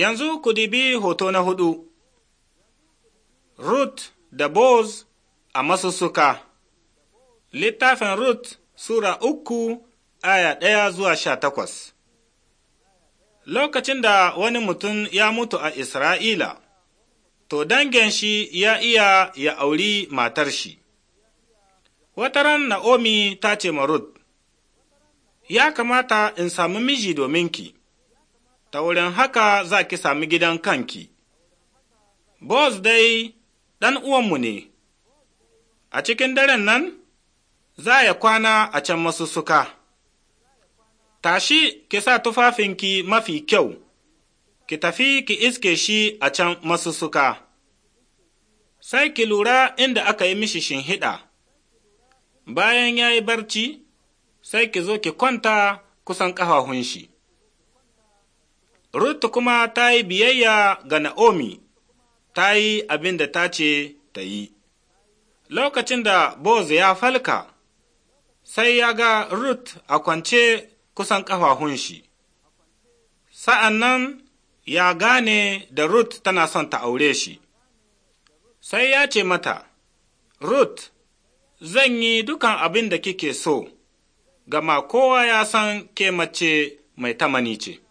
Yanzu ku dibi hoto na hudu, Ruth da Boz a masussuka, littafin Ruth Sura uku aya ɗaya zuwa sha takwas. Lokacin da wani mutum ya mutu a Isra'ila, to dangin shi ya iya ya auri matar shi. Wata ran Na'omi ta ce ma Ruth, Ya kamata in sami miji domin ki. ta wurin haka za ki sami gidan kanki. Boz dai ɗan uwanmu ne, a cikin daren nan za ya kwana a can masussuka. Tashi ki sa tufafinki mafi kyau, ki tafi ki iske shi a can masussuka. Sai ki lura inda aka yi mishi shinhiɗa. Bayan ya yi barci, sai ki zo ki kwanta kusan ƙafafun shi. Rut kuma ta yi biyayya ga Na'omi, ta yi abin da ta ce ta yi. Lokacin da Boz ya falka, sai ya ga Rut a kwance kusan ƙafafun shi. Sa'an nan ya gane da Rut tana son ta aure shi. Sai ya ce mata, Rut, zan yi dukan abin da kike so, gama kowa ya san ke mace mai tamani ce.